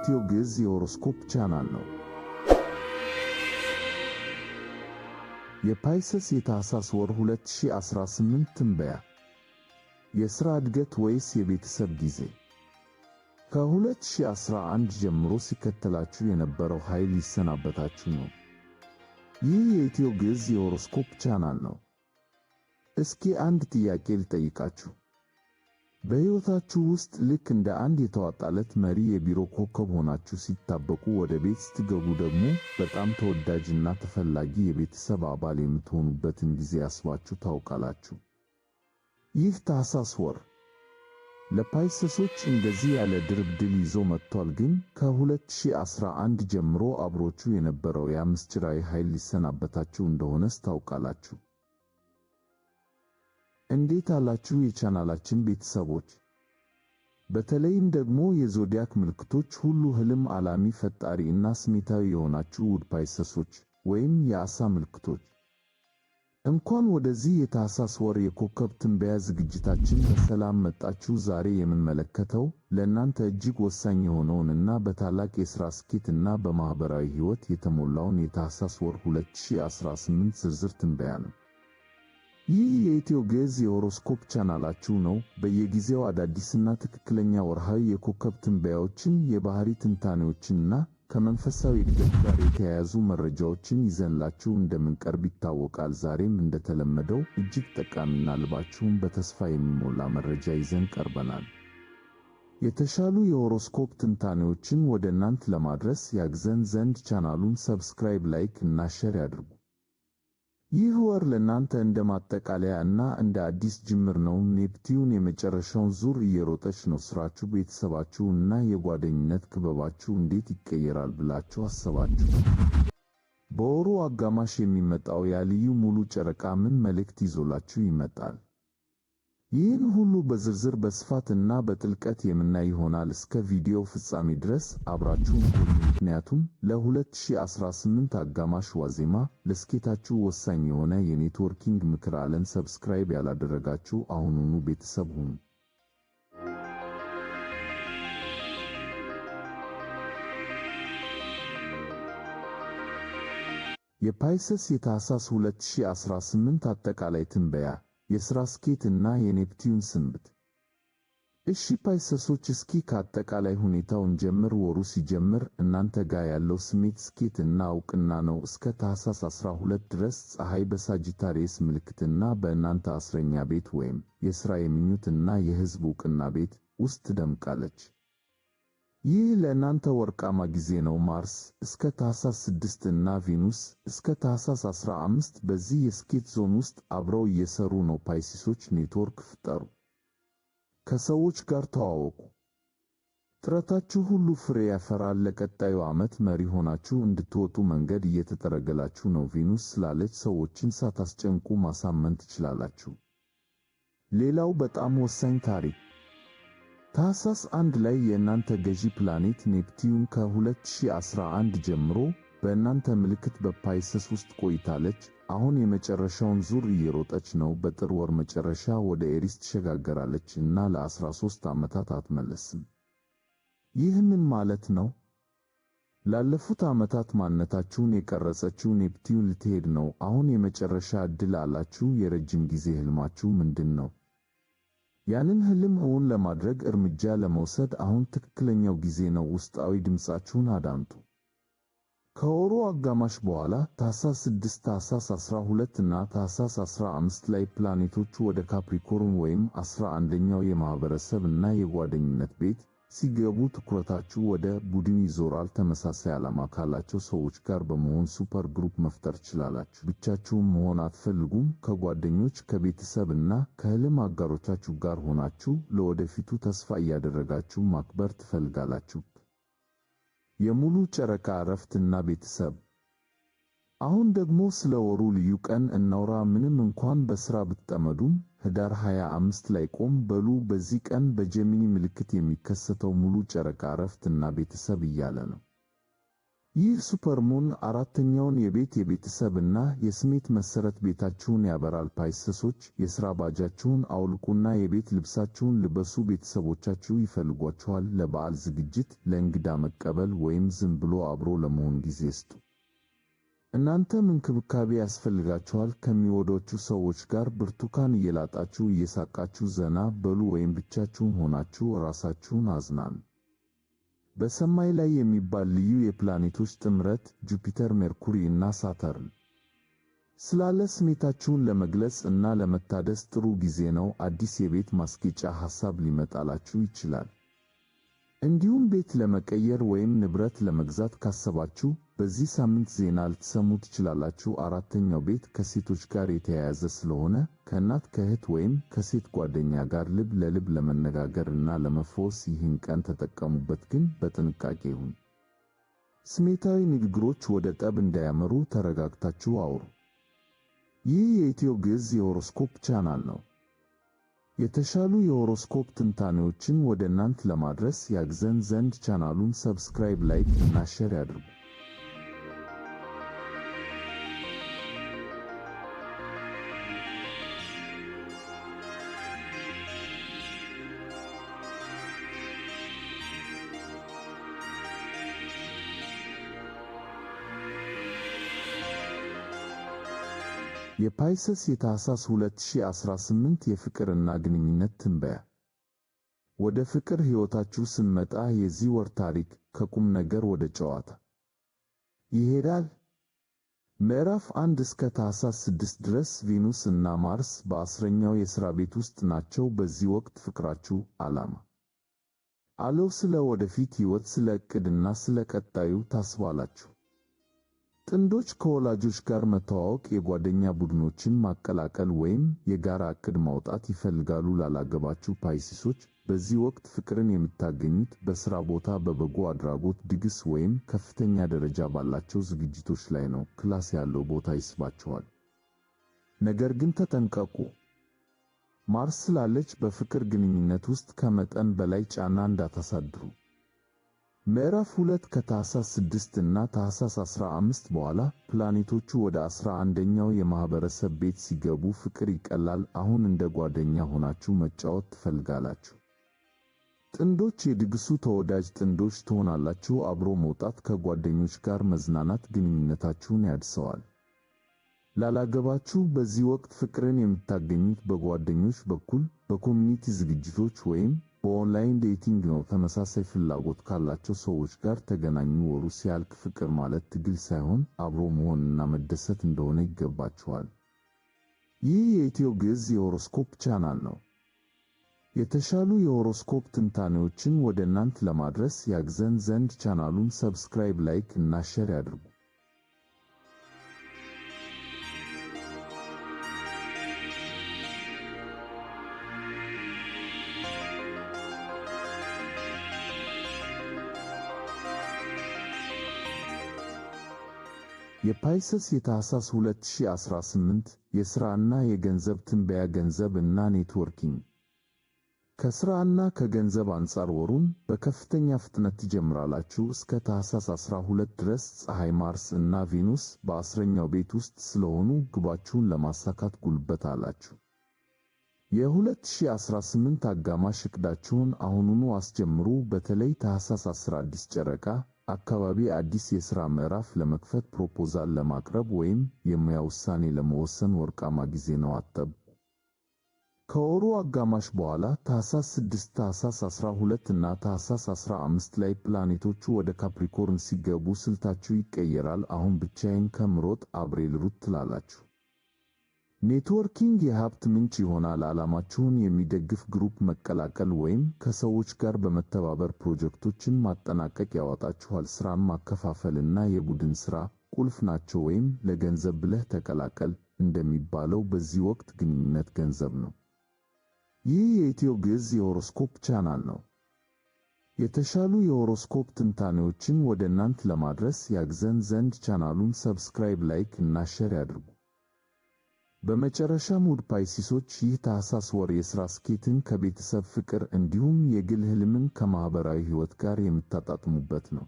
የኢትዮ ግዕዝ የሆሮስኮፕ ቻናል ነው። የፓይሰስ የታህሳስ ወር 2018 ትንበያ የሥራ ዕድገት ወይስ የቤተሰብ ጊዜ? ከ2011 ጀምሮ ሲከተላችሁ የነበረው ኃይል ሊሰናበታችሁ ነው። ይህ የኢትዮ ግዕዝ የሆሮስኮፕ ቻናል ነው። እስኪ አንድ ጥያቄ ልጠይቃችሁ። በሕይወታችሁ ውስጥ ልክ እንደ አንድ የተዋጣለት መሪ የቢሮ ኮከብ ሆናችሁ ሲታበቁ፣ ወደ ቤት ስትገቡ ደግሞ በጣም ተወዳጅና ተፈላጊ የቤተሰብ አባል የምትሆኑበትን ጊዜ አስባችሁ ታውቃላችሁ? ይህ ታሳስ ወር ለፓይሰሶች እንደዚህ ያለ ድርብድል ይዞ መጥቷል። ግን ከ2011 ጀምሮ አብሮችሁ የነበረው ያ ኃይል ሊሰናበታችሁ እንደሆነ ታውቃላችሁ። እንዴት አላችሁ የቻናላችን ቤተሰቦች! በተለይም ደግሞ የዞዲያክ ምልክቶች ሁሉ ህልም አላሚ፣ ፈጣሪ እና ስሜታዊ የሆናችሁ ውድ ፓይሰሶች ወይም የአሳ ምልክቶች እንኳን ወደዚህ የታህሳስ ወር የኮከብ ትንበያ ዝግጅታችን በሰላም መጣችሁ። ዛሬ የምንመለከተው ለእናንተ እጅግ ወሳኝ የሆነውንና በታላቅ የሥራ ስኬትና በማኅበራዊ ሕይወት የተሞላውን የታህሳስ ወር 2018 ዝርዝር ትንበያ ነው። ይህ የኢትዮ ግዕዝ የሆሮስኮፕ ቻናላችሁ ነው። በየጊዜው አዳዲስና ትክክለኛ ወርሃዊ የኮከብ ትንበያዎችን፣ የባህሪ ትንታኔዎችንና ከመንፈሳዊ እድገት ጋር የተያያዙ መረጃዎችን ይዘንላችሁ እንደምንቀርብ ይታወቃል። ዛሬም እንደተለመደው እጅግ ጠቃሚና ልባችሁን በተስፋ የሚሞላ መረጃ ይዘን ቀርበናል። የተሻሉ የሆሮስኮፕ ትንታኔዎችን ወደ እናንት ለማድረስ ያግዘን ዘንድ ቻናሉን ሰብስክራይብ፣ ላይክ እና ሼር ያድርጉ። ይህ ወር ለእናንተ እንደ ማጠቃለያ እና እንደ አዲስ ጅምር ነው። ኔፕቲዩን የመጨረሻውን ዙር እየሮጠች ነው። ስራችሁ፣ ቤተሰባችሁ እና የጓደኝነት ክበባችሁ እንዴት ይቀየራል ብላችሁ አሰባችሁ? በወሩ አጋማሽ የሚመጣው ያ ልዩ ሙሉ ጨረቃ ምን መልእክት ይዞላችሁ ይመጣል? ይህን ሁሉ በዝርዝር በስፋትና በጥልቀት የምናይ ይሆናል። እስከ ቪዲዮ ፍጻሜ ድረስ አብራችሁን ምክንያቱም ለ2018 አጋማሽ ዋዜማ ለስኬታችሁ ወሳኝ የሆነ የኔትወርኪንግ ምክር አለን። ሰብስክራይብ ያላደረጋችሁ አሁኑኑ ቤተሰብ ሁኑ። የፓይሰስ የታህሳስ 2018 አጠቃላይ ትንበያ የሥራ ስኬትና የኔፕቲዩን ስንብት። እሺ ፓይሰሶች፣ እስኪ ከአጠቃላይ ሁኔታውን ጀምር። ወሩ ሲጀምር እናንተ ጋር ያለው ስሜት ስኬትና እውቅና ነው። እስከ ታህሳስ 12 ድረስ ፀሐይ በሳጅታሪየስ ምልክትና በእናንተ አስረኛ ቤት ወይም የሥራ የምኞትና የሕዝብ እውቅና ቤት ውስጥ ደምቃለች። ይህ ለእናንተ ወርቃማ ጊዜ ነው። ማርስ እስከ ታህሳስ 6 እና ቬኑስ እስከ ታህሳስ 15 በዚህ የስኬት ዞን ውስጥ አብረው እየሰሩ ነው። ፓይሲሶች ኔትወርክ ፍጠሩ፣ ከሰዎች ጋር ተዋወቁ። ጥረታችሁ ሁሉ ፍሬ ያፈራል። ለቀጣዩ ዓመት መሪ ሆናችሁ እንድትወጡ መንገድ እየተጠረገላችሁ ነው። ቬኑስ ስላለች ሰዎችን ሳታስጨንቁ ማሳመን ትችላላችሁ። ሌላው በጣም ወሳኝ ታሪክ ታህሳስ አንድ ላይ የእናንተ ገዢ ፕላኔት ኔፕቲዩን ከ2011 ጀምሮ በእናንተ ምልክት በፓይሰስ ውስጥ ቆይታለች። አሁን የመጨረሻውን ዙር እየሮጠች ነው። በጥር ወር መጨረሻ ወደ ኤሪስ ትሸጋገራለች እና ለ13 ዓመታት አትመለስም። ይህንን ማለት ነው? ላለፉት ዓመታት ማንነታችሁን የቀረጸችው ኔፕቲዩን ልትሄድ ነው። አሁን የመጨረሻ ዕድል አላችሁ። የረጅም ጊዜ ህልማችሁ ምንድን ነው? ያንን ህልም እውን ለማድረግ እርምጃ ለመውሰድ አሁን ትክክለኛው ጊዜ ነው። ውስጣዊ ድምፃችሁን አዳምጡ። ከወሩ አጋማሽ በኋላ ታህሳስ 6፣ ታህሳስ 12 እና ታህሳስ 15 ላይ ፕላኔቶቹ ወደ ካፕሪኮርን ወይም 11ኛው የማህበረሰብ እና የጓደኝነት ቤት ሲገቡ ትኩረታችሁ ወደ ቡድን ይዞራል። ተመሳሳይ ዓላማ ካላቸው ሰዎች ጋር በመሆን ሱፐር ግሩፕ መፍጠር ትችላላችሁ። ብቻችሁን መሆን አትፈልጉም። ከጓደኞች ከቤተሰብ እና ከህልም አጋሮቻችሁ ጋር ሆናችሁ ለወደፊቱ ተስፋ እያደረጋችሁ ማክበር ትፈልጋላችሁ። የሙሉ ጨረቃ እረፍት እና ቤተሰብ አሁን ደግሞ ስለ ወሩ ልዩ ቀን እናውራ። ምንም እንኳን በሥራ ብትጠመዱም ህዳር 25 ላይ ቆም በሉ። በዚህ ቀን በጀሚኒ ምልክት የሚከሰተው ሙሉ ጨረቃ እረፍትና ቤተሰብ እያለ ነው። ይህ ሱፐርሙን አራተኛውን የቤት የቤተሰብና የስሜት መሰረት ቤታችሁን ያበራል። ፓይሰሶች የሥራ ባጃችሁን አውልቁና የቤት ልብሳችሁን ልበሱ። ቤተሰቦቻችሁ ይፈልጓችኋል። ለበዓል ዝግጅት፣ ለእንግዳ መቀበል ወይም ዝም ብሎ አብሮ ለመሆን ጊዜ ስጡ። እናንተም እንክብካቤ ያስፈልጋችኋል። ከሚወዷችሁ ሰዎች ጋር ብርቱካን እየላጣችሁ እየሳቃችሁ ዘና በሉ ወይም ብቻችሁን ሆናችሁ ራሳችሁን አዝናኑ። በሰማይ ላይ የሚባል ልዩ የፕላኔቶች ጥምረት ጁፒተር፣ ሜርኩሪ እና ሳተርን ስላለ ስሜታችሁን ለመግለጽ እና ለመታደስ ጥሩ ጊዜ ነው። አዲስ የቤት ማስጌጫ ሐሳብ ሊመጣላችሁ ይችላል። እንዲሁም ቤት ለመቀየር ወይም ንብረት ለመግዛት ካሰባችሁ በዚህ ሳምንት ዜና ልትሰሙ ትችላላችሁ። አራተኛው ቤት ከሴቶች ጋር የተያያዘ ስለሆነ ከእናት ከእህት፣ ወይም ከሴት ጓደኛ ጋር ልብ ለልብ ለመነጋገር እና ለመፈወስ ይህን ቀን ተጠቀሙበት፣ ግን በጥንቃቄ ይሁን። ስሜታዊ ንግግሮች ወደ ጠብ እንዳያመሩ ተረጋግታችሁ አውሩ። ይህ የኢትዮ ግዕዝ የሆሮስኮፕ ቻናል ነው። የተሻሉ የሆሮስኮፕ ትንታኔዎችን ወደ እናንት ለማድረስ ያግዘን ዘንድ ቻናሉን ሰብስክራይብ፣ ላይክ እና ሼር ያድርጉ። የፓይሰስ የታሳስ 2018 የፍቅርና ግንኙነት ትንበያ። ወደ ፍቅር ሕይወታችሁ ስንመጣ የዚህ ወር ታሪክ ከቁም ነገር ወደ ጨዋታ ይሄዳል። ምዕራፍ አንድ እስከ ታሳ ስድስት ድረስ ቬኑስ እና ማርስ በአስረኛው የሥራ ቤት ውስጥ ናቸው። በዚህ ወቅት ፍቅራችሁ ዓላማ አለው፣ ስለ ወደፊት ሕይወት፣ ስለ ዕቅድና ስለ ቀጣዩ ታስባላችሁ። ጥንዶች ከወላጆች ጋር መተዋወቅ፣ የጓደኛ ቡድኖችን ማቀላቀል ወይም የጋራ ዕቅድ ማውጣት ይፈልጋሉ። ላላገባችሁ ፓይሲሶች በዚህ ወቅት ፍቅርን የምታገኙት በሥራ ቦታ፣ በበጎ አድራጎት ድግስ ወይም ከፍተኛ ደረጃ ባላቸው ዝግጅቶች ላይ ነው። ክላስ ያለው ቦታ ይስባችኋል። ነገር ግን ተጠንቀቁ። ማርስ ስላለች በፍቅር ግንኙነት ውስጥ ከመጠን በላይ ጫና እንዳታሳድሩ። ምዕራፍ 2 ከታህሳስ 6 እና ታህሳስ 15 በኋላ ፕላኔቶቹ ወደ አስራ አንደኛው የማህበረሰብ ቤት ሲገቡ ፍቅር ይቀላል። አሁን እንደ ጓደኛ ሆናችሁ መጫወት ትፈልጋላችሁ። ጥንዶች የድግሱ ተወዳጅ ጥንዶች ትሆናላችሁ። አብሮ መውጣት፣ ከጓደኞች ጋር መዝናናት ግንኙነታችሁን ያድሰዋል። ላላገባችሁ በዚህ ወቅት ፍቅርን የምታገኙት በጓደኞች በኩል በኮሚኒቲ ዝግጅቶች ወይም በኦንላይን ዴቲንግ ነው። ተመሳሳይ ፍላጎት ካላቸው ሰዎች ጋር ተገናኙ። ወሩ ሲያልቅ ፍቅር ማለት ትግል ሳይሆን አብሮ መሆንና መደሰት እንደሆነ ይገባቸዋል። ይህ የኢትዮ ግዕዝ የሆሮስኮፕ ቻናል ነው። የተሻሉ የሆሮስኮፕ ትንታኔዎችን ወደ እናንት ለማድረስ ያግዘን ዘንድ ቻናሉን ሰብስክራይብ፣ ላይክ እና ሼር ያድርጉ። የፓይሰስ የታህሳስ 2018 የሥራና የገንዘብ ትንበያ ገንዘብ እና ኔትወርኪንግ ከሥራና ከገንዘብ አንጻር ወሩን በከፍተኛ ፍጥነት ትጀምራላችሁ። እስከ ታህሳስ 12 ድረስ ፀሐይ፣ ማርስ እና ቬኑስ በአስረኛው ቤት ውስጥ ስለሆኑ ግባችሁን ለማሳካት ጉልበት አላችሁ። የ2018 አጋማሽ እቅዳችሁን አሁኑኑ አስጀምሩ። በተለይ ታህሳስ 10 አዲስ ጨረቃ አካባቢ አዲስ የሥራ ምዕራፍ ለመክፈት ፕሮፖዛል ለማቅረብ ወይም የሙያ ውሳኔ ለመወሰን ወርቃማ ጊዜ ነው። አተብ ከወሩ አጋማሽ በኋላ ታኅሳስ 6፣ ታኅሳስ 12 እና ታኅሳስ 15 ላይ ፕላኔቶቹ ወደ ካፕሪኮርን ሲገቡ ስልታችሁ ይቀየራል። አሁን ብቻዬን ከምሮጥ አብሬ ልሩጥ ትላላችሁ። ኔትወርኪንግ የሀብት ምንጭ ይሆናል። ዓላማችሁን የሚደግፍ ግሩፕ መቀላቀል ወይም ከሰዎች ጋር በመተባበር ፕሮጀክቶችን ማጠናቀቅ ያወጣችኋል። ሥራን ማከፋፈልና የቡድን ሥራ ቁልፍ ናቸው። ወይም ለገንዘብ ብለህ ተቀላቀል እንደሚባለው በዚህ ወቅት ግንኙነት ገንዘብ ነው። ይህ የኢትዮ ግዕዝ የሆሮስኮፕ ቻናል ነው። የተሻሉ የሆሮስኮፕ ትንታኔዎችን ወደ እናንት ለማድረስ ያግዘን ዘንድ ቻናሉን ሰብስክራይብ፣ ላይክ እና ሼር ያድርጉ። በመጨረሻም ውድ ፓይሲሶች ይህ ታህሳስ ወር የሥራ ስኬትን ከቤተሰብ ፍቅር እንዲሁም የግል ሕልምን ከማኅበራዊ ሕይወት ጋር የምታጣጥሙበት ነው።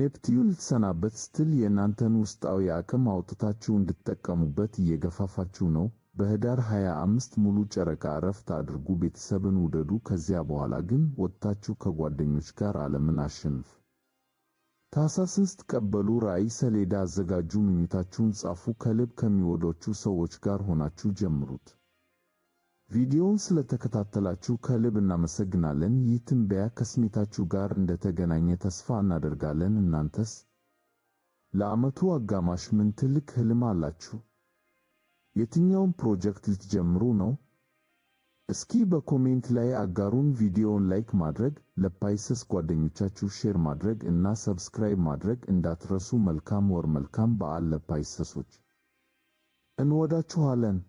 ኔፕቲዩን ልትሰናበት ስትል የእናንተን ውስጣዊ አቅም አውጥታችሁ እንድትጠቀሙበት እየገፋፋችሁ ነው። በህዳር 25 ሙሉ ጨረቃ እረፍት አድርጉ፣ ቤተሰብን ውደዱ። ከዚያ በኋላ ግን ወጥታችሁ ከጓደኞች ጋር ዓለምን አሸንፍ። ታኅሣሥን ስትቀበሉ ራእይ ሰሌዳ አዘጋጁ፣ ምኞታችሁን ጻፉ። ከልብ ከሚወዷችሁ ሰዎች ጋር ሆናችሁ ጀምሩት። ቪዲዮውን ስለተከታተላችሁ ከልብ እናመሰግናለን። ይህ ትንበያ ከስሜታችሁ ጋር እንደተገናኘ ተስፋ እናደርጋለን። እናንተስ ለዓመቱ አጋማሽ ምን ትልቅ ህልም አላችሁ? የትኛውን ፕሮጀክት ልትጀምሩ ነው? እስኪ በኮሜንት ላይ አጋሩን። ቪዲዮውን ላይክ ማድረግ ለፓይሰስ ጓደኞቻችሁ ሼር ማድረግ እና ሰብስክራይብ ማድረግ እንዳትረሱ። መልካም ወር፣ መልካም በዓል ለፓይሰሶች። እንወዳችኋለን።